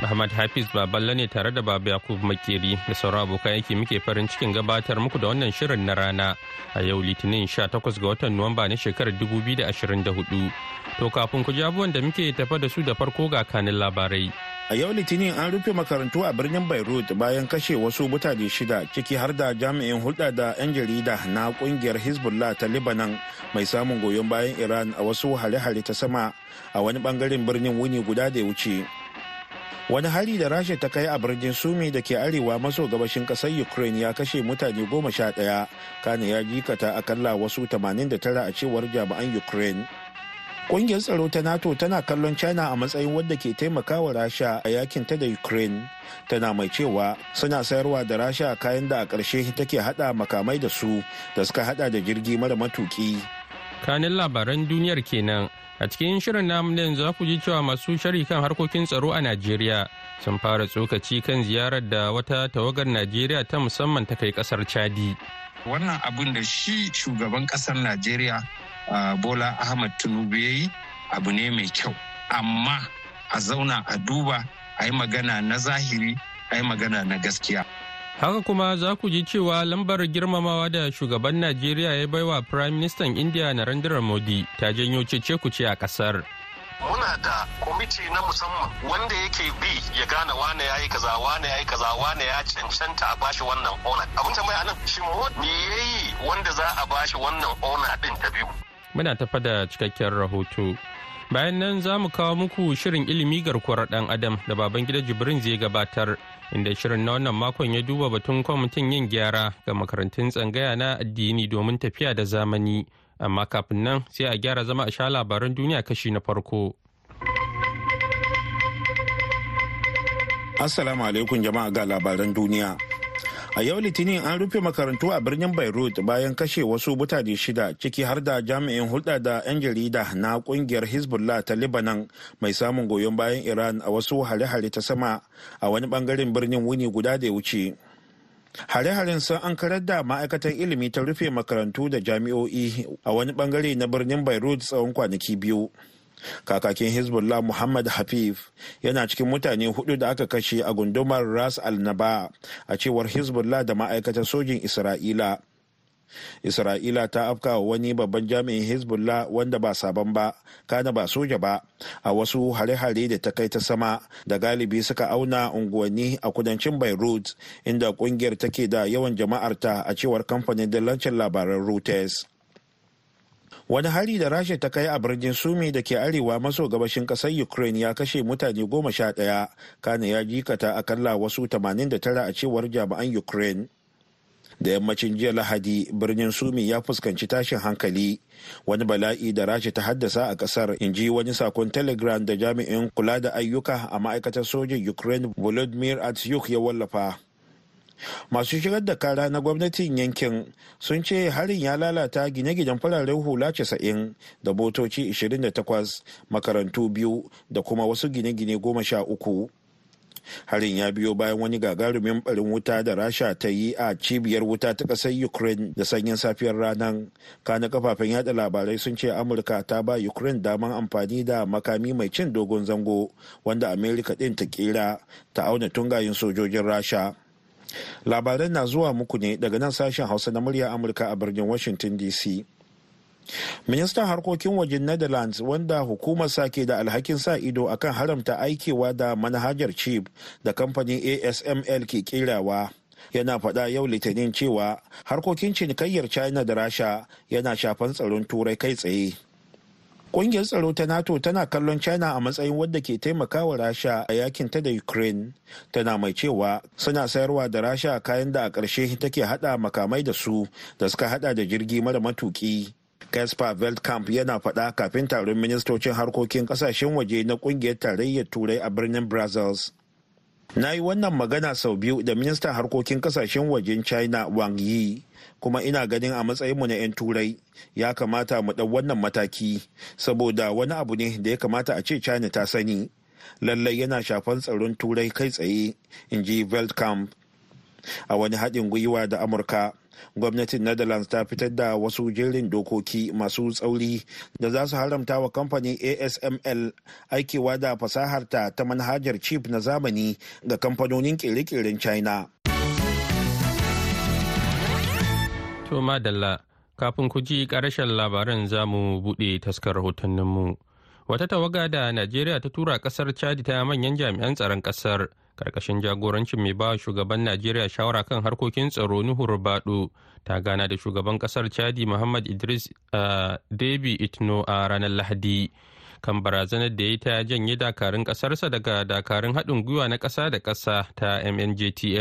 Muhammad Hafiz Baballe ne tare da Baba Yakub Makeri da sauran abokan aiki muke farin cikin gabatar muku da wannan shirin na rana a yau Litinin 18 ga watan Nuwamba na shekarar 2024. To kafin ku ji abubuwan da muke tafa da su da farko ga kanin labarai. A yau Litinin an rufe makarantu a birnin Beirut bayan kashe wasu mutane shida ciki har da jami'in hulɗa da 'yan jarida na kungiyar Hezbollah ta Lebanon mai samun goyon bayan Iran a wasu hare-hare ta sama a wani bangaren birnin wuni guda da ya wuce. wani hari da rasha ta kai a birnin sumi da ke arewa maso gabashin kasar ukraine ya kashe mutane goma sha ɗaya kane ya jikata akalla wasu 89 a cewar jami'an ukraine Ƙungiyar tsaro ta NATO tana kallon China a matsayin wadda ke taimakawa Rasha a yakin ta da Ukraine. Tana mai cewa suna sayarwa da Rasha kayan da a ƙarshe take haɗa makamai da su da suka haɗa da jirgi mara matuki. Kanin labaran duniyar kenan A cikin shirin namu ne za ku ji cewa masu shari kan harkokin tsaro a Najeriya sun fara tsokaci kan ziyarar da wata tawagar Najeriya ta musamman ta kai ƙasar Chadi. Wannan abun da shi shugaban ƙasar Najeriya Bola Ahmad Tinubu ya yi abu ne mai kyau. Amma a zauna a duba a yi magana na zahiri a yi magana na gaskiya. Haka kuma za ku ji cewa lambar girmamawa da shugaban Najeriya ya baiwa Prime Minister India Narendra Modi ta janyo cece ce a kasar. Muna da kwamiti na musamman wanda yake bi ya gane wane ya yi kaza wane ya yi kaza wane ya cancanta a bashi wannan ona. Abin tambaya anan, shi me ya yi wanda za a bashi wannan ona din ta biyu. Muna tafa da cikakken rahoto. bayan nan za mu kawo muku shirin ilimi garkuwar ɗan adam da baban gida jibrin zai gabatar inda shirin na wannan makon ya duba batun kwamitin yin gyara ga makarantun tsangaya na addini domin tafiya da zamani amma kafin nan sai a gyara zama a sha labaran duniya kashi na farko assalamu alaikum jama'a ga labaran duniya a yau litinin an rufe makarantu a birnin beirut bayan kashe wasu mutane shida ciki har da jami'in hulɗa da 'yan jarida na kungiyar hezbollah ta libanan mai samun goyon bayan iran a wasu hare-hare ta sama a wani bangaren birnin wuni guda da ya wuce hare-haren sun an karar da ma'aikatan ilimi ta rufe makarantu da jami'o'i a wani bangare na birnin beirut tsawon kwanaki biyu kakakin hezbollah muhammad hafif yana cikin mutane hudu da aka kashe a gundumar ras al-naba a cewar hezbollah da ma'aikatar sojin isra'ila isra'ila ta afka wa wani babban jami'in hezbollah wanda ba sabon ba kana ba soja ba a wasu hare-hare da ta kai ta sama da galibi suka auna unguwanni a kudancin beirut inda kungiyar take da yawan jama'arta a cewar kamfanin dillancin labaran reuters wani hari da rasha ta kai a birnin sumi da ke arewa maso gabashin kasar ukraine ya kashe mutane goma sha ɗaya kana ya jikata akalla wasu 89 a cewar jami'an ukraine da yammacin jiya lahadi birnin sumi ya fuskanci tashin hankali wani bala'i da rasha ta haddasa a kasar in ji wani sakon telegram da jami'in kula da ayyuka a ma'aikatar sojin ukraine volodymyr atsyuk ya wallafa masu shigar da kara na gwamnatin yankin sun ce harin ya lalata gine-ginen fararen hula 90 da botoci 28 makarantu biyu da kuma wasu gine-gine 13 harin ya biyo bayan wani gagarumin barin wuta da rasha ta yi a cibiyar wuta ta ƙasar ukraine da sanyin safiyar ranar kana kafafen yada labarai sun ce amurka ta ba ukraine daman amfani da makami mai cin dogon zango wanda amerika ɗin ta ƙera ta auna tungayin sojojin rasha labaran na zuwa muku ne daga nan sashen hausa na murya amurka a birnin washington dc ministan harkokin wajen netherlands wanda hukumar sa ke da alhakin sa ido akan haramta aikewa da manhajar chip da kamfanin asml ke kirawa yana faɗa yau litinin cewa harkokin cinikayyar china da rasha yana shafan tsaron turai kai tsaye Ƙungiyar tsaro ta NATO tana kallon China a matsayin wadda ke taimakawa Rasha a yakin ta da Ukraine, tana mai cewa suna sayarwa da Rasha kayan da a ƙarshe take haɗa makamai da su da suka haɗa da jirgi mara matuki. Kasper Veldkamp yana faɗa kafin taron ministocin harkokin ƙasashen waje na ƙungiyar tarayyar Turai a birnin Brussels. Na yi wannan magana sau biyu da ministan harkokin ƙasashen wajen China Wang Yi. kuma ina ganin a matsayinmu na 'yan turai ya kamata mu ɗau wannan mataki saboda wani abu ne da ya kamata a ce china ta sani lallai yana shafan tsaron turai kai tsaye in ji weltkamp a wani haɗin gwiwa da amurka gwamnatin netherlands ta fitar da wasu jerin dokoki masu tsauri da za su haramta wa kamfanin asml aikewa da fasaharta ta manhajar chip na zamani ga kamfanonin kere-keren china To madalla kafin ku ji ƙarashen labaran za mu buɗe taskar mu Wata tawaga da Najeriya ta tura ƙasar Chadi ta manyan jami'an tsaron ƙasar ƙarƙashin jagorancin mai ba shugaban Najeriya shawara kan harkokin tsaro Nuhur Bado ta gana da shugaban ƙasar Chadi Muhammad Idris Debi Itno a ranar Lahadi. kan barazanar da ya ta janye dakarun ƙasarsa daga dakarun haɗin gwiwa na ƙasa da ƙasa ta mngtf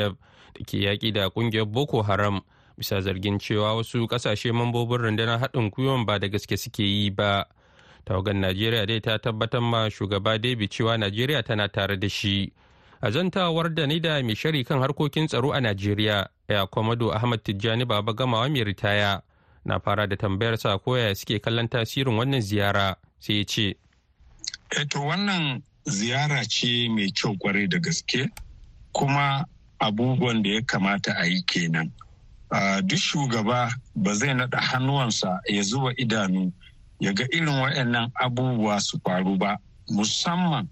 da ke yaƙi da ƙungiyar boko haram bisa zargin cewa wasu kasashe mambobin rundunar haɗin gwiwan ba da gaske suke yi ba tawagar najeriya dai ta tabbatar ma shugaba debi cewa najeriya tana tare da shi a zantawar da ni da mai shari kan harkokin tsaro a najeriya ya komado ahmad tijjani baba gamawa mai ritaya na fara da tambayar sa koya suke kallon tasirin wannan ziyara sai ya ce eto eh, wannan ziyara ce mai kyau kwarai da gaske kuma abubuwan da ya kamata a yi kenan duk shugaba ba zai naɗa hannuwansa ya zuba idanu ya ga irin waɗannan abubuwa su faru ba musamman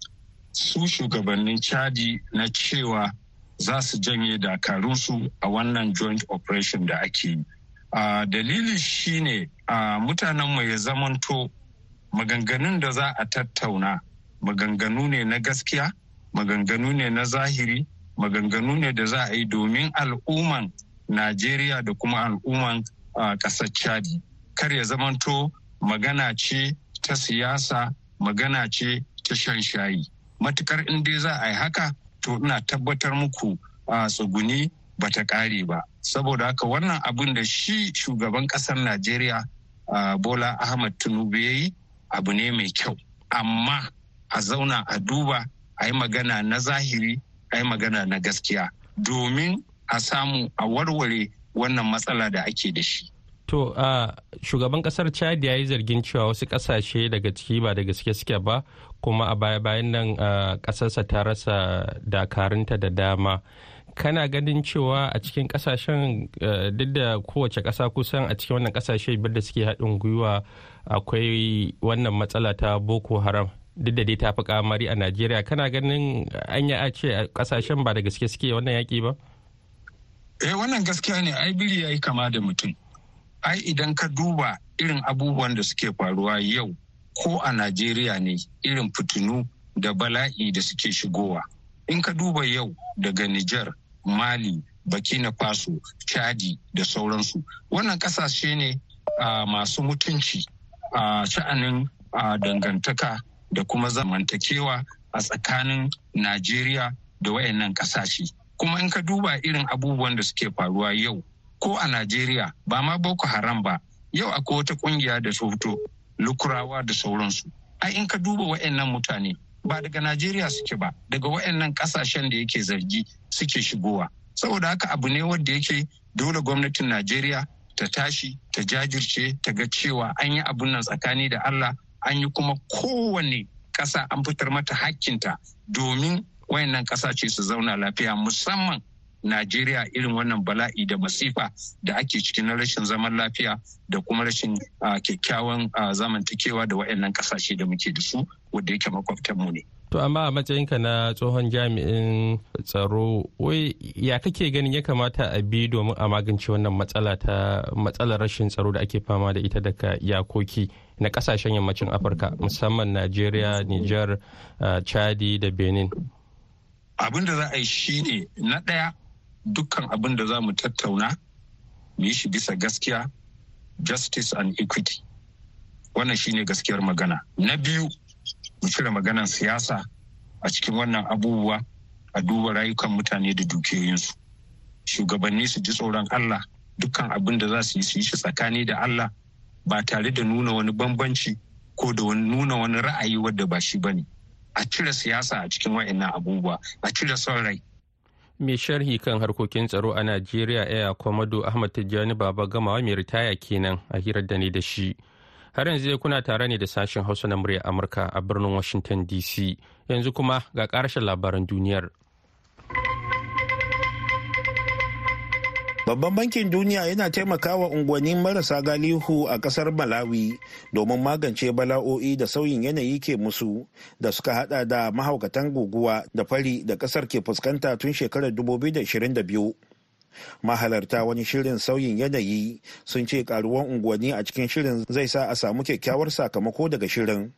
su shugabannin caji na cewa za su janye dakarunsu a wannan joint operation da ake yi. dalili shine mu ya zamanto maganganun da za a tattauna maganganu ne na gaskiya maganganu ne na zahiri maganganu ne da za a yi domin al'umman najeriya da kuma al'umman ƙasar chadi kar ya zamanto magana ce ta siyasa magana ce ta shan shayi matukar in dai za a yi haka to ina tabbatar muku a tsuguni ba ta ƙare ba saboda haka wannan abin da shi shugaban ƙasar najeriya bola ahmad tinubu ya yi abu ne mai kyau amma a zauna a duba a yi magana na zahiri a yi magana na gaskiya domin a samu a warware wannan matsala da ake da shi. To, uh, shugaban kasar Chad ya yi zargin cewa wasu kasashe daga ciki ba da gaske suke ba, kuma a baya-bayan nan uh, kasarsa ta rasa dakarunta da dama. Kana ganin cewa a cikin kasashen duk da kowace kasa kusan a cikin wannan kasashe biyar da suke haɗin gwiwa akwai wannan matsala ta Boko Haram. Duk da dai ta fi kamari a Najeriya, kana ganin an yi a ce kasashen ba da gaske suke wannan yaƙi ba? eh wannan gaskiya ne ai biri ya yi kama da mutum ai idan ka duba irin abubuwan da suke faruwa yau ko a najeriya ne irin fitinu da bala'i da suke shigowa in ka duba yau daga Nijar mali burkina faso chadi da sauransu wannan kasashe ne uh, masu mutunci a uh, sha'anin uh, dangantaka da kuma zamantakewa a tsakanin najeriya da wayannan kasashe kuma in ka duba irin abubuwan da suke faruwa yau ko a najeriya ba ma boko haram ba yau akwai wata kungiya da su fito lukurawa da sauransu ai in ka duba wa'annan mutane ba daga najeriya suke ba daga wa'annan kasashen da yake zargi suke shigowa saboda haka abu ne wanda yake dole gwamnatin najeriya ta tashi ta jajirce ta ga cewa an yi abun nan tsakani da allah an yi kuma kowane ƙasa an fitar mata hakkinta domin wayannan kasashe su zauna lafiya musamman Najeriya irin wannan bala'i da masifa da ake ciki na rashin zaman lafiya da kuma rashin ah, kyakkyawan ah, zamantakewa da waɗannan kasashe da muke da su wadda yake makwabtanmu ne. To amma a matsayinka na tsohon jami'in tsaro wai ya kake ganin ya kamata a bi domin a magance wannan matsala ta matsalar rashin tsaro da ake fama da ita daga yakoki na kasashen yammacin Afirka musamman Najeriya, Nijar, ah, Chadi da Benin. abin da za a yi shi ne na ɗaya dukkan abin da za mu tattauna mu yi shi bisa gaskiya justice and equity wannan shi ne gaskiyar magana na biyu mu cire maganan siyasa a cikin wannan abubuwa a duba rayukan mutane da dukiyoyinsu shugabanni su ji tsoron allah dukkan abin da za su yi su yi shi tsakani da allah ba tare da nuna wani bambanci ko da nuna wani ra'ayi wadda ba shi ba ne a cire siyasa a cikin wa'annan abubuwa a cire son rai mai sharhi kan harkokin tsaro a najeriya aya komodo ahmad tijjani baba gamawa mai ritaya kenan a hirar da ne da shi har yanzu kuna tare ne da sashen hausa na murya amurka a birnin washington dc yanzu kuma ga karshen labaran duniyar Babban bankin duniya yana taimakawa unguwanni marasa galihu a kasar Malawi domin magance bala'o'i da sauyin yanayi ke musu da suka hada da mahaukatan guguwa da fari da kasar ke fuskanta tun shekarar 2022. mahalarta wani shirin sauyin yanayi sun ce karuwan unguwanni a cikin shirin zai sa a samu kyakkyawar sakamako daga shirin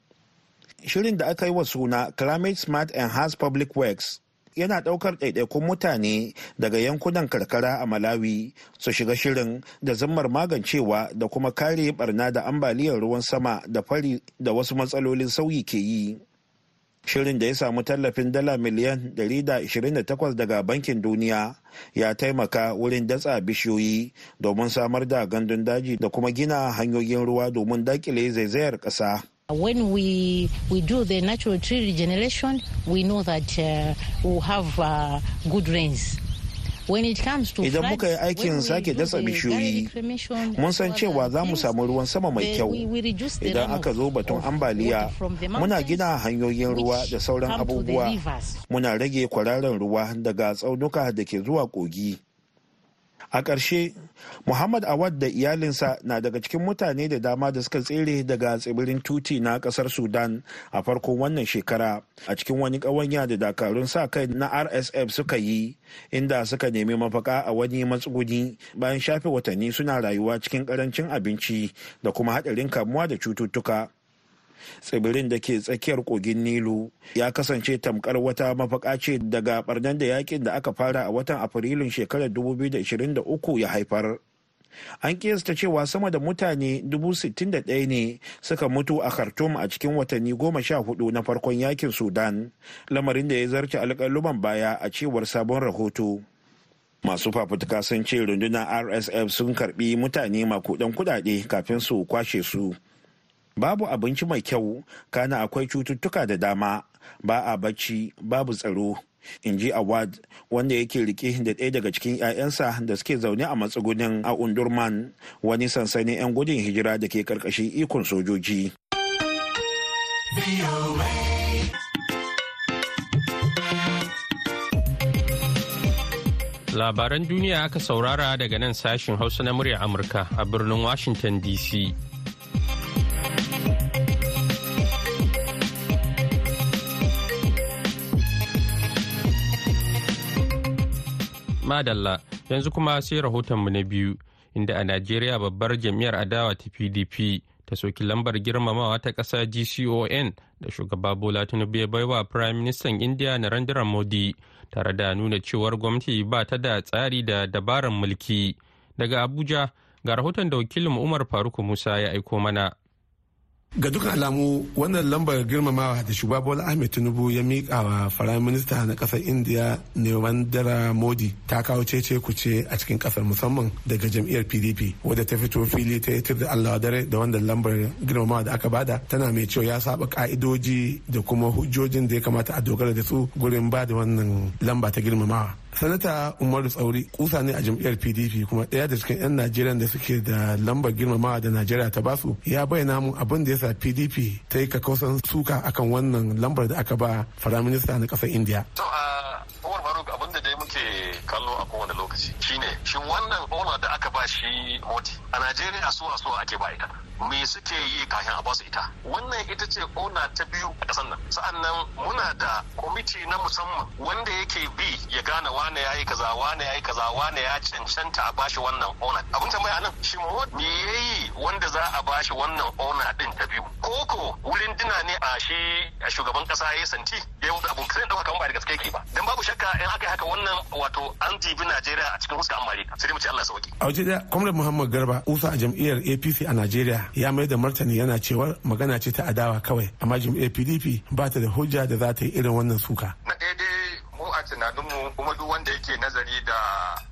shirin da aka yi wa suna climate smart enhanced public works yana daukar ɗaiɗaikun mutane daga yankunan karkara a malawi su shiga shirin da zammar magancewa da kuma kare barna da ambaliyar ruwan sama da fari da wasu matsalolin sauyi ke yi shirin da ya samu tallafin dala miliyan 128 daga bankin duniya ya taimaka wurin datsa bishiyoyi domin samar da gandun daji da kuma gina hanyoyin ruwa domin dakile zaizayar ƙasa. When we, we do the natural tree regeneration, we know that uh, we have uh, good rains. Idan muka yi aikin sake dasa bishiyoyi, mun san cewa za mu samu ruwan sama mai kyau. Idan aka zo batun ambaliya, muna gina hanyoyin ruwa da sauran abubuwa. Muna rage kwararren ruwa daga tsaunuka da ke zuwa kogi. a ƙarshe muhammad awad da iyalinsa na daga cikin mutane da dama da suka tsere daga tsibirin tuti na ƙasar sudan a farkon wannan shekara a cikin wani ƙawanya da dakarun sa kai na rsf suka yi inda suka nemi mafaka a wani matsuguni bayan shafe watanni suna rayuwa cikin ƙarancin abinci da kuma haɗarin kamuwa da cututtuka tsibirin da ke tsakiyar kogin nilu ya kasance tamkar wata mafaka ce daga barnan da yakin da aka fara a watan afrilun shekarar 2023 ya haifar an kiyasta cewa sama da mutane 61,000 ne suka mutu a khartoum a cikin watanni 14 na farkon yakin sudan lamarin da ya zarce alƙaluman baya a cewar sabon rahoto masu fafutuka sun ce rundunar rsf sun karbi mutane makudan kudade kafin su kwashe su babu abinci mai kyau kana akwai cututtuka da dama ba a bacci babu tsaro in ji awad wanda yake rike da ɗaya daga cikin 'ya'yansa da suke zaune a matsugunin a undurman wani sansanin 'yan gudun hijira da ke karkashin ikon sojoji labaran duniya aka saurara daga nan sashen hausa na murya amurka a birnin washington dc Madalla yanzu kuma sai rahotonmu na biyu inda a Najeriya babbar jam'iyyar adawa ta PDP ta soki lambar girmamawa ta ƙasa GCON da shugaba Bola Tinubu ya baiwa Prime Minister India Narendra Modi tare da nuna cewar gwamnati ba ta da tsari da dabarar mulki. Daga Abuja ga rahoton da wakilin Umar Faruk Musa ya aiko mana. ga dukkan alamu wannan lambar girmamawa da shugaba bola ahmed tinubu ya miƙa wa firayim minista na ƙasar indiya nerandara modi ta kawo cece kuce a cikin ƙasar musamman daga jam'iyyar pdp wadda ta fito fili ta yi da allah dare da wannan lambar girmamawa da aka bada tana mai cewa ya saba ka'idoji da kuma hujjojin da ya kamata a dogara da su gurin ba da wannan lamba ta girmamawa sanata umaru tsauri kusa ne a jam'iyyar pdp kuma ɗaya da cikin 'yan najeriya da suke da lambar girmamawa da najeriya ta basu ya bayyana mu abin da ya pdp ta yi kakausan suka akan wannan lambar da aka ba firaminista na ƙasar indiya kallo a kowane lokaci shine shin wannan ona da aka ba shi moti a najeriya so a so ake ba ita me suke yi kafin a basu ita wannan ita ce ona ta biyu a ƙasar nan sa'annan muna da kwamiti na musamman wanda yake bi ya gane wane ya yi kaza wane ya yi kaza wane ya cancanta a bashi wannan ona abin tambaya nan shi me yayi wanda za a ba shi wannan ona din ta biyu koko wurin dina ne a shi shugaban kasa ya santi ya yi abun kare dauka kamar ba da gaske yake ba dan babu shakka in aka haka wannan wato an jibi Najeriya a cikin huska Amerika sai mu ce Allah sauki a waje Comrade Muhammad Garba usa a jam'iyyar APC a Najeriya ya mai da martani yana cewa magana ce ta adawa kawai amma jam'iyyar PDP ba ta da hujja da za ta yi irin wannan suka na daidai a tunaninmu kuma duk wanda yake nazari da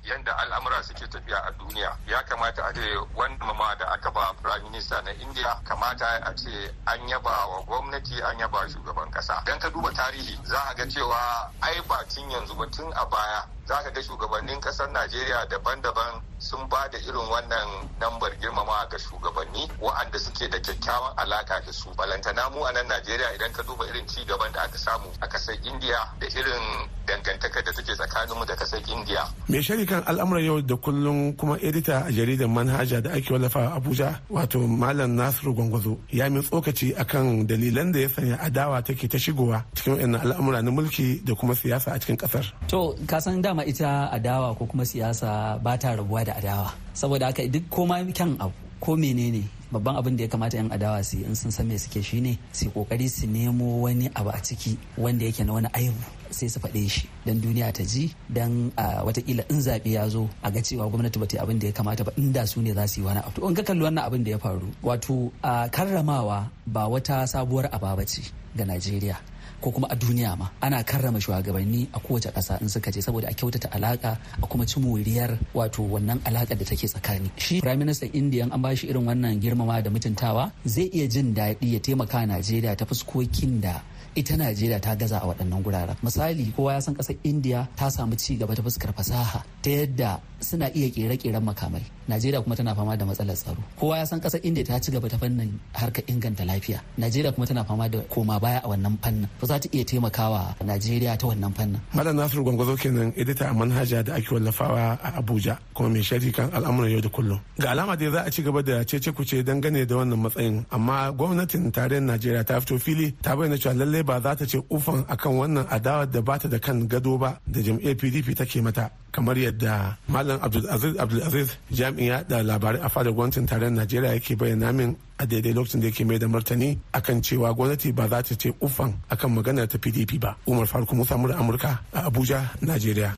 yadda al'amura suke tafiya a duniya ya kamata a ce wanda ma da aka ba prime minister na india kamata a ce an yaba wa gwamnati an yaba shugaban kasa dan ka duba tarihi za a ga cewa ai ba tun yanzu ba tun a baya za ka ga shugabannin kasar najeriya daban-daban sun ba da irin wannan lambar girmama ga shugabanni wa'anda suke da kyakkyawan alaka da su balantana mu a nan najeriya idan ka duba irin ci gaban da aka samu a kasar indiya da irin dangantakar da take mu da kasar indiya mai sharikan al'amuran yau da kullum kuma edita a jaridar manhaja da ake wallafa a abuja wato malam nasiru gwangwazo ya mai tsokaci akan dalilan da ya sanya adawa take ta shigowa cikin al'amura na mulki da kuma siyasa a cikin kasar to kasan dama dama ita adawa ko kuma siyasa ba ta rabuwa da adawa saboda haka duk koma kyan abu ko menene babban abin da ya kamata 'yan adawa su in sun san me suke shine su kokari su nemo wani abu a ciki wanda yake na wani aibu sai su faɗe shi don duniya ta ji don watakila in zaɓe ya zo a ga cewa gwamnati bata abin da ya kamata ba inda su ne za su yi wani abu in ka kalli wannan abin da ya faru wato karramawa ba wata sabuwar aba ce ga najeriya ko kuma a duniya ma ana karrama shugabanni a kowace ƙasa in suka je saboda a kyautata alaƙa a kuma ci moriyar wato wannan alaka da take tsakani shi prime minister india an shi irin wannan girmama da mutuntawa zai iya jin daɗi ya taimaka najeriya ta fuskokin da ita najeriya ta gaza a waɗannan guraren misali kowa ya san ƙasar indiya ta samu ci gaba ta fuskar fasaha ta yadda suna iya ƙere-ƙeren makamai najeriya kuma tana fama da matsalar tsaro kowa ya san ƙasar indiya ta ci gaba ta fannin harkar inganta lafiya najeriya kuma tana fama da koma baya a wannan fannin ba za ta iya taimakawa najeriya ta wannan fannin malam nasiru gwangwazo kenan edita a manhaja da ake wallafawa a abuja kuma mai sharhi kan al'amuran yau da kullum ga alama dai za a ci gaba da cece kuce dangane da wannan matsayin amma gwamnatin tarayyar najeriya ta fito fili ta bayyana cewa lallai ba za ta ce ufan akan wannan adawar da bata da kan gado ba da jam'iyyar pdp take mata kamar yadda malam abdulaziz abdulaziz jami'a da labarai a fadar gwamnatin tarayyar najeriya yake bayyana min a daidai lokacin da yake mai da martani akan cewa gwamnati ba za ta ce ufan akan maganar ta pdp ba umar faruk musa mura amurka a abuja najeriya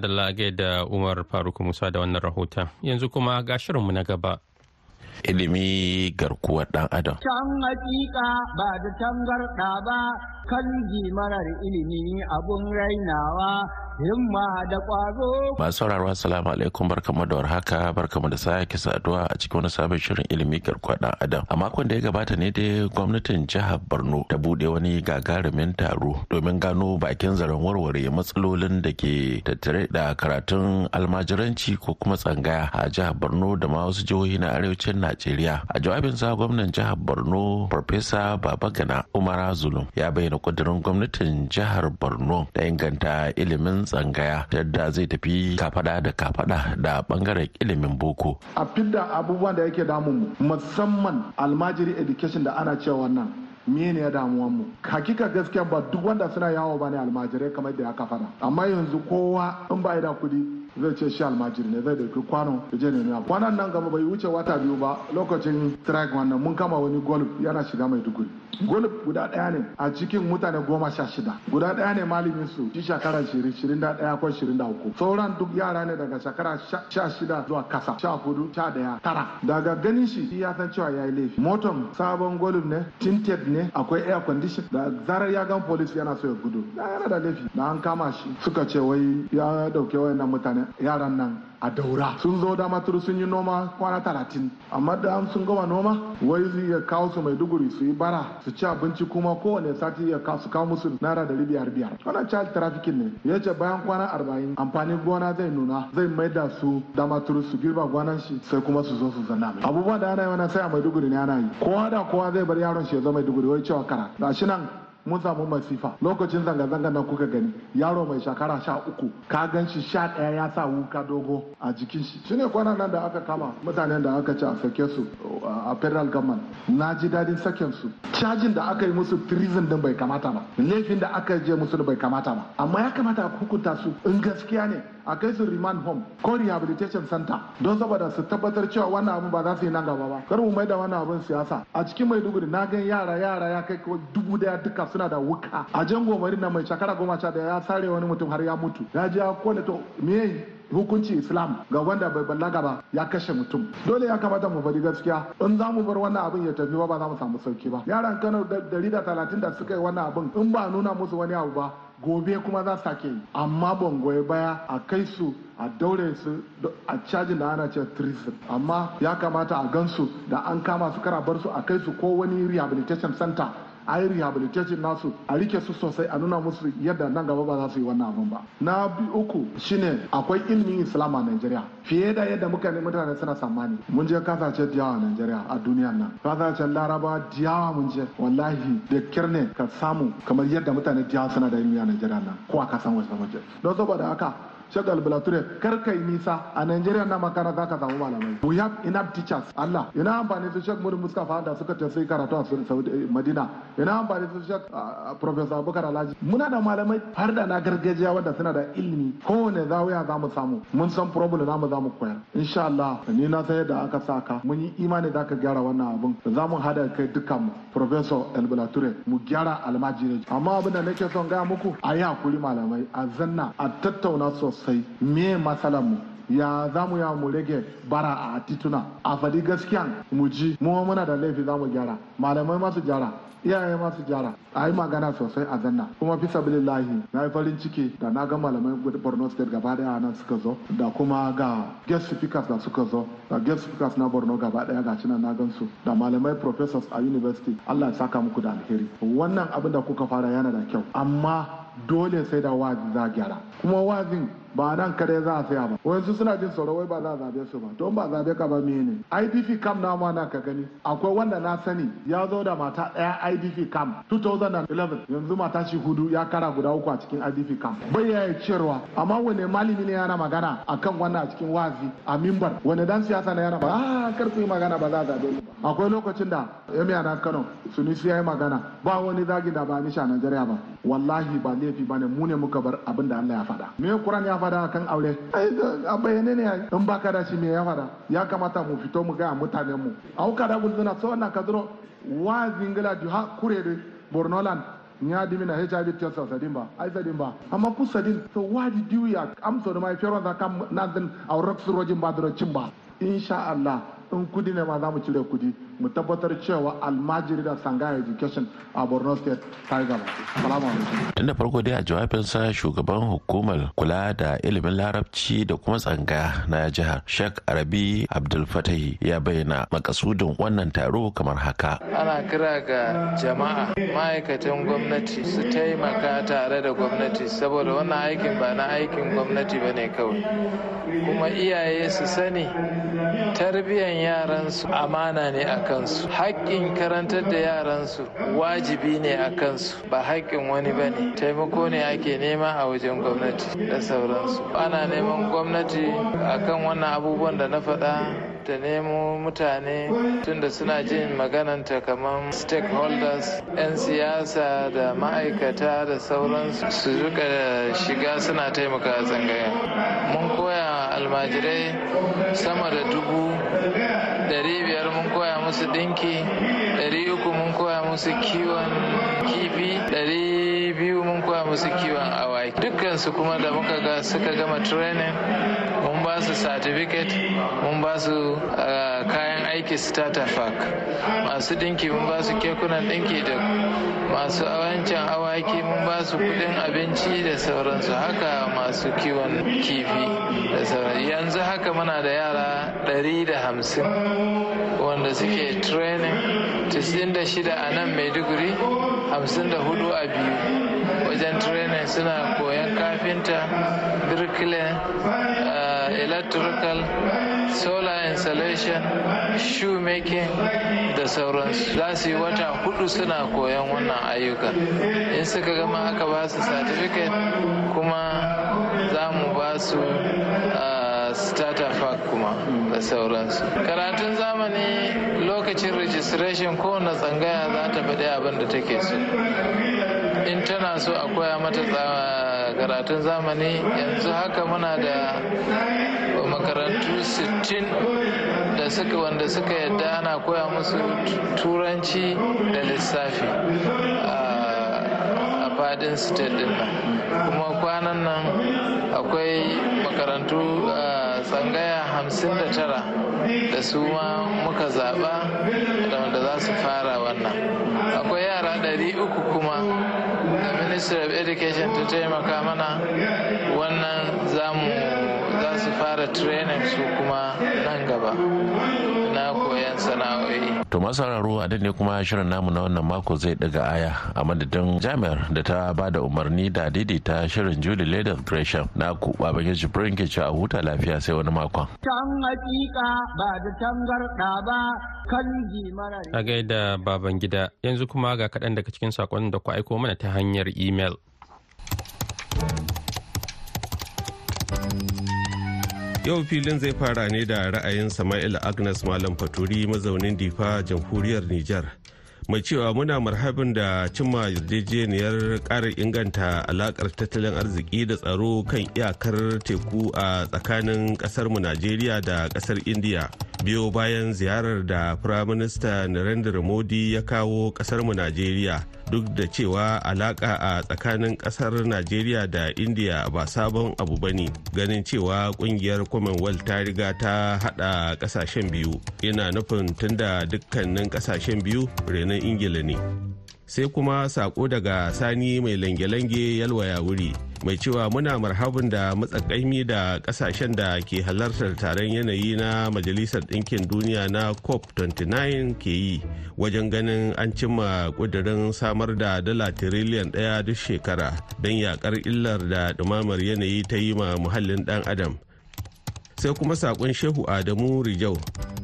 da lage da umar faruk musa da wannan rahoton yanzu kuma ga shirinmu na gaba ilimi garkuwar dan adam. Can hakika ba da tangarɗa ba kanji marar ilimi abun rainawa himma da ƙwazo. Masu sauraro assalamu alaikum barkamu da warhaka barkamu da sake saduwa a cikin wani sabon shirin ilimi garkuwa ɗan adam. A makon da ya gabata ne dai gwamnatin jihar Borno ta bude wani gagarumin taro domin gano bakin zaren warware matsalolin da ke tattare da karatun almajiranci ko kuma tsangaya a jihar Borno da ma wasu jihohi na arewacin Najeriya. A jawabin sa gwamnan jihar Borno Farfesa Babagana Umara Zulum ya bayyana kudirin gwamnatin jihar borno da inganta ilimin tsangaya yadda zai tafi kafada da kafada da bangaren ilimin boko a fidda abubuwan da yake damun mu musamman almajiri education da ana cewa nan mene ya damuwan mu hakika gaskiya ba duk wanda suna yawo ne almajirai kamar da ya kafada amma yanzu kowa in ba da kudi zai ce shi almajiri ne zai dauki kwano ya je ne kwanan nan gaba bai wuce wata biyu ba lokacin strike wannan mun kama wani golf yana shiga mai duguri golf guda ɗaya ne a cikin mutane goma sha shida guda ɗaya ne malamin su shi shakara shirin da ɗaya ko shirin da uku sauran duk yara ne daga shakara sha shida zuwa kasa sha hudu sha ɗaya tara daga ganin shi ya san cewa ya yi laifi Motan sabon golf ne tinted ne akwai air condition da zarar ya gan police yana so ya gudu yana da laifi da an kama shi suka ce wai ya dauke wayannan mutane yaran nan a daura sun zo dama turu sun yi noma kwana talatin amma da an sun gama noma wai zai iya kawo su duguri su yi bara su ci abinci kuma kowane sati iya su kawo musu naira dari biyar biyar wannan child trafficking ne ya ce bayan kwana arba'in amfanin gona zai nuna zai maida su dama su girba gonan shi sai kuma su zo su zanna mai abubuwan da ana yi wannan sai a maiduguri ne ana yi kowa da kowa zai bar yaron shi ya zama maiduguri wai cewa kara ga shi nan mun samu masifa lokacin zanga-zanga na kuka gani yaro mai shakara sha uku ka gan shi sha ɗaya ya sa wuka dogo a jikin shi shine kwanan nan da aka kama mutanen da aka ci a sake su a federal government na ji dadin saken su cajin da aka yi musu prison din bai kamata ba laifin da aka je musu bai kamata ba amma ya kamata a hukunta su in gaskiya ne a kai su remand home ko rehabilitation center don saboda su tabbatar cewa wannan abun ba za su yi nan gaba ba kar mu mai da wannan abin siyasa a cikin maiduguri na gan yara yara ya kai dubu daya duka suna da wuka a jan gomarin na mai shakara goma sha da ya sare wani mutum har ya mutu ya ji ya kone to me hukunci islam ga wanda bai balaga ba ya kashe mutum dole ya kamata mu bari gaskiya in za mu bar wannan abin ya tafi ba ba za mu samu sauki ba yaran kano dari da talatin da suka yi wannan abin in ba nuna musu wani abu ba gobe kuma za sake yi amma ban baya a kai su a daure su a cajin da ana ce treason amma ya kamata a gansu da an kama su kara bar su a kai su ko wani rehabilitation center a yi rehabilitation nasu a rike su sosai a nuna musu yadda nan gaba ba za su yi wannan abin ba na bi uku shine akwai ilimin islam a Najeriya fiye da yadda muka ne mutane suna tsammani mun je kasashe diyawa a Najeriya a duniyan nan kasashen Laraba diyawa mun je wallahi da kirne ka samu kamar yadda mutane diyawa suna da ilimi a nigeria nan ko a kasan mace don saboda haka Sheikh Albilature kar yi nisa a Najeriya na makara za ka samu malamai. We have enough teachers Allah ina amfani da Sheikh Muhammad Mustafa da suka ce sai karatu a Saudi eh, Madina ina amfani da Sheikh ah, ah, Professor Abubakar Alhaji muna da malamai har da na gargajiya wanda suna da ilimi kowane zawiya za mu samu mun san problem namu za mu koyar insha Allah ni na sai da aka ka. mun yi imani da ka gyara wannan abin za mu hada kai dukkan mu Professor Albilature mu gyara almajiri amma abin da nake son gaya muku a yi hakuri malamai a zanna a tattauna sosai sosai me matsalar mu ya za mu mu rage bara a tituna a fadi gaskiya mu ji mu muna da laifi za mu gyara malamai masu gyara iyaye masu gyara a yi magana sosai a zanna kuma fi sabilillahi na yi farin ciki da na ga malamai borno state gaba daya nan suka zo da kuma ga guest speakers da suka zo da guest speakers na borno gaba daya ga cinan na gansu da malamai professors a university allah ya saka muku da alheri wannan abin da kuka fara yana da kyau amma dole sai da wazi za gyara kuma wazin ba nan kare za a tsaya ba wayansu suna jin tsoro wai ba za a zabe su ba to ba zabe ka ba mene IDP kam na ma na ka gani akwai wanda na sani ya zo da mata daya IDP kam 2011 yanzu mata shi hudu ya kara guda uku a cikin IDP kam bai ya yi cewa amma wane malimi ne yana magana akan wannan a cikin wazi a mimbar wani dan siyasa ne yana ba a ah, kar ku yi magana ba za a zabe ba akwai lokacin da miya na Kano Sunusi ya yi magana ba wani zagi da ba ni sha Najeriya ba wallahi ba laifi ba ne mu ne muka bar abin da Allah ya faɗa me ya fada kan aure eh, a bayyane ne in baka da shi me ya fada ya kamata mu fito mu ga mutanen mu au kada gulzuna so na kadro wa zingila ju ha kurede borno land nya dimina hiv test sadin ba ai sadin ba amma ku sadin so wa di ya am so da fero fear kam come nothing our rocks rojin ba da cin ba insha Allah in kudi ne ma za mu cire kudi mu tabbatar cewa almajiri da sangaya education a borno state ta gaba salamu farko dai a jawabinsa shugaban hukumar kula da ilimin larabci da kuma tsanga na jihar sheikh arabi Abdulfatahi, ya bayyana makasudin wannan taro kamar haka ana kira ga jama'a ma'aikatan gwamnati su taimaka tare da gwamnati saboda wannan aikin ba na aikin gwamnati ba ne kawai kuma iyaye su sani tarbiyan yaransu amana ne a kansu haƙƙin karantar da yaransu wajibi ne a kansu ba haƙƙin wani ba ne taimako ne ake nema a wajen gwamnati da sauransu ana neman gwamnati akan wannan abubuwan da na faɗa da nemo mutane tunda suna jin magananta kamar stakeholders 'yan siyasa da ma'aikata da sauransu su rika shiga suna taimaka zangaya mun koya almajirai sama da dubu musu dinki ɗari uku mun koya musu kiwon kifi ɗari biyu mun koya musu kiwon awaki dukkansu kuma da muka ga suka gama training mun ba su certificate mun ba su kayan aiki starter pack masu dinki mun ba su kekunan dinki da masu awancan awaki mun ba su kudin abinci da sauransu haka masu kiwon kifi da sauransu yanzu haka muna da yara 150 wanda suke training 96 a nan maiduguri 54 a biyu wajen training suna koyan kafinta birkile uh, electrical solar installation shoemaking da sauransu za su yi wata hudu suna koyan wannan ayyuka in suka gama aka ba su certificate kuma za mu ba su uh, startup kuma da sauransu karatun zamani lokacin registration kowane tsangaya za ta faɗi abin da take so in tana so a koya mata karatun zamani yanzu haka muna da makarantu 60 da suka wanda suka yadda ana koya musu turanci da lissafi a fadin state din nan kuma kwanan nan akwai makarantu tsangaya hamsin da tara su ma muka zaɓa da wanda za su fara wannan akwai yara ɗari uku kuma ministry of education ta taimaka mana wannan za su fara training su kuma nan gaba sana'o'i. To masu sauraro a ne kuma shirin namu na wannan mako zai daga aya a madadin jami'ar da ta ba da umarni da daidaita shirin Julie Leda Gresham na ku baban ya ke a huta lafiya sai wani makon. Can hakika ba da tangarda ba kan A gaida baban gida yanzu kuma ga kaɗan daga cikin saƙon da ku aiko mana ta hanyar imel. Yau filin zai fara ne da ra'ayin Sama'il Agnes Malam Faturi mazaunin Difa jamhuriyar Nijar. Mai cewa muna marhabin da cimma yarjejeniyar ƙara inganta alaƙar tattalin arziki da tsaro kan iyakar teku a tsakanin ƙasarmu Najeriya da ƙasar Indiya. biyo bayan ziyarar da firaminista narendra modi ya kawo kasarmu najeriya duk da cewa alaka a tsakanin kasar najeriya da india ba sabon abu ba ne ganin cewa kungiyar commonwealth ta riga ta hada kasashen biyu ina nufin tunda dukkanin kasashen biyu renon ingila ne sai kuma sako daga sani mai lange-lange yalwaya wuri mai cewa muna marhabin da matsakaimi da kasashen da ke halartar taron yanayi na majalisar ɗinkin duniya na cop 29 ke yi wajen ganin an cimma ƙudirin samar da dala tiriliyan ɗaya duk shekara don yakar illar da ɗumamar yanayi ta yi ma muhallin ɗan adam sai kuma sakon shehu adamu rijau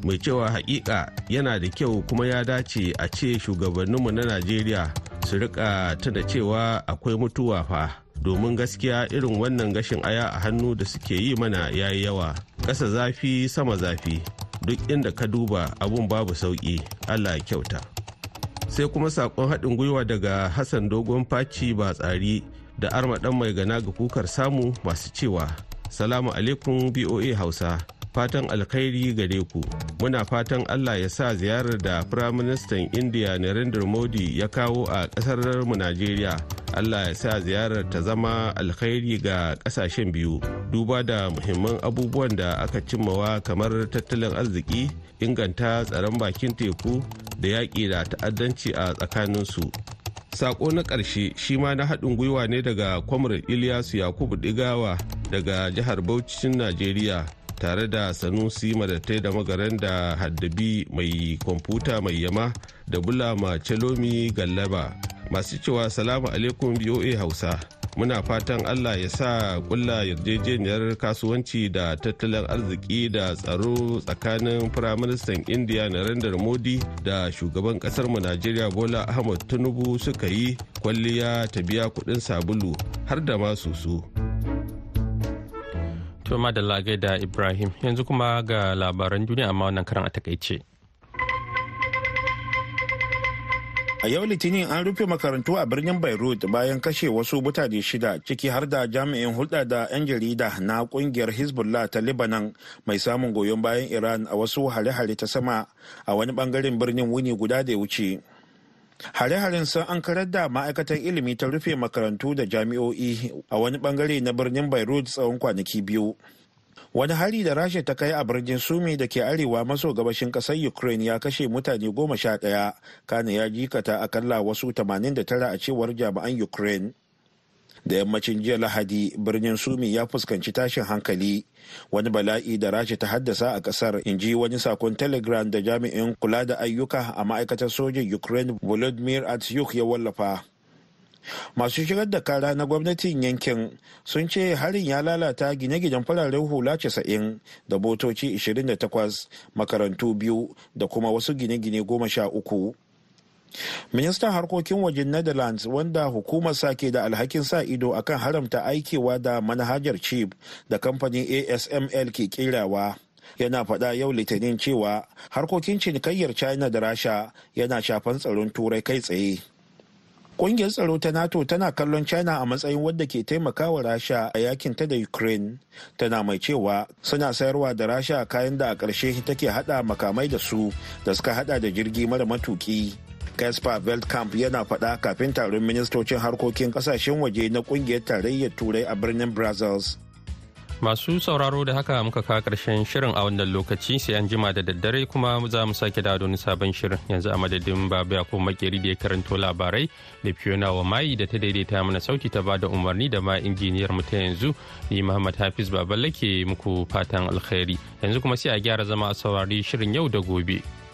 mai cewa hakika yana da kyau kuma ya dace a ce shugabanninmu na najeriya su rika tuna cewa akwai mutuwa fa domin gaskiya irin wannan gashin aya a hannu da suke yi mana ya yi yawa ƙasa zafi sama zafi duk inda ka duba abun babu sauƙi allah ya kyauta sai kuma sakon haɗin gwiwa daga hassan dogon faci ba tsari da armaɗan mai gana ga kukar samu masu cewa Salamu alaikum BOA Hausa. Fatan alkhairi gare ku. Muna fatan Allah ya sa ziyarar da Firaministan Indiya Narendra Modi ya kawo a ƙasar mu Najeriya. Allah ya sa ziyarar ta zama alkhairi ga ƙasashen biyu. Duba da muhimman abubuwan da aka cimmawa kamar tattalin arziki, inganta tsaron bakin teku da yaƙi da ta'addanci a tsakaninsu. sako na ƙarshe shi ma na haɗin gwiwa ne daga kwamar iliyasu yakubu digawa daga jihar Bauchin Najeriya tare da Sanusi Madatai da magaran da Haddabi mai kwamfuta mai yama da Bulama chelomi Gallaba. Masu cewa salamu alaikum BOA Hausa. Muna fatan Allah ya sa kulla yarjejeniyar kasuwanci da tattalin arziki da tsaro tsakanin Firaministan Indiya Narendra Modi da shugaban mu Najeriya Bola Ahmad Tinubu suka yi kwalliya ta biya kudin sabulu har da ma su. To madalla da Ibrahim yanzu kuma ga labaran duniya amma wannan karan a takaice. A yau Litinin an rufe makarantu a birnin Beirut bayan kashe wasu mutane shida ciki har da jami'in hulɗa da 'yan jarida na kungiyar Hezbollah ta Lebanon mai samun goyon bayan Iran a wasu hare-hare ta sama a wani bangaren birnin wuni guda da ya wuce. hare-haren sun an karar da ma'aikatan ilimi ta rufe makarantu da jami'o'i a wani bangare na birnin beirut tsawon kwanaki biyu wani hari da rasha ta kai a birnin sumi da ke arewa maso gabashin kasar ukraine ya kashe mutane goma sha ɗaya kana ya jikata akalla wasu 89 a cewar jami'an ukraine da yammacin jiya lahadi birnin sumi ya fuskanci tashin hankali wani bala'i da rashi ta haddasa a kasar in ji wani sakon telegram da jami'in kula da ayyuka a ma'aikatar sojin ukraine volodymyr atyuk ya wallafa masu shigar da kara na gwamnatin yankin sun ce harin ya lalata gine-ginen fararen hula 90 da motoci 28 makarantu biyu da kuma wasu gine-gine 13 ministan harkokin wajen netherlands wanda hukumar sa ke da alhakin sa ido akan haramta aikewa da manhajar chip da kamfanin asml ke kirawa yana faɗa yau litinin cewa harkokin cinikayyar china da rasha yana shafan tsaron turai kai tsaye Ƙungiyar tsaro ta NATO tana kallon China a matsayin wadda ke taimakawa Rasha a yakin ta da Ukraine. Tana mai cewa suna sayarwa da Rasha kayan da a ƙarshe take haɗa makamai da su da suka haɗa da jirgi mara matuki Kaspar Veldkamp yana faɗa kafin taron ministocin harkokin kasashen waje na kungiyar tarayyar turai a birnin Brussels. Masu sauraro da haka muka kawo karshen shirin a wannan lokaci sai an jima da daddare kuma za mu sake da wani sabon shirin yanzu a madadin babu ko makeri da ya karanto labarai da fiona wa mayi da ta daidaita mana sauki ta bada umarni da ma injiniyar mu ta yanzu ni Muhammad Hafiz Baballe ke muku fatan alkhairi yanzu kuma sai a gyara zama a saurari shirin yau da gobe.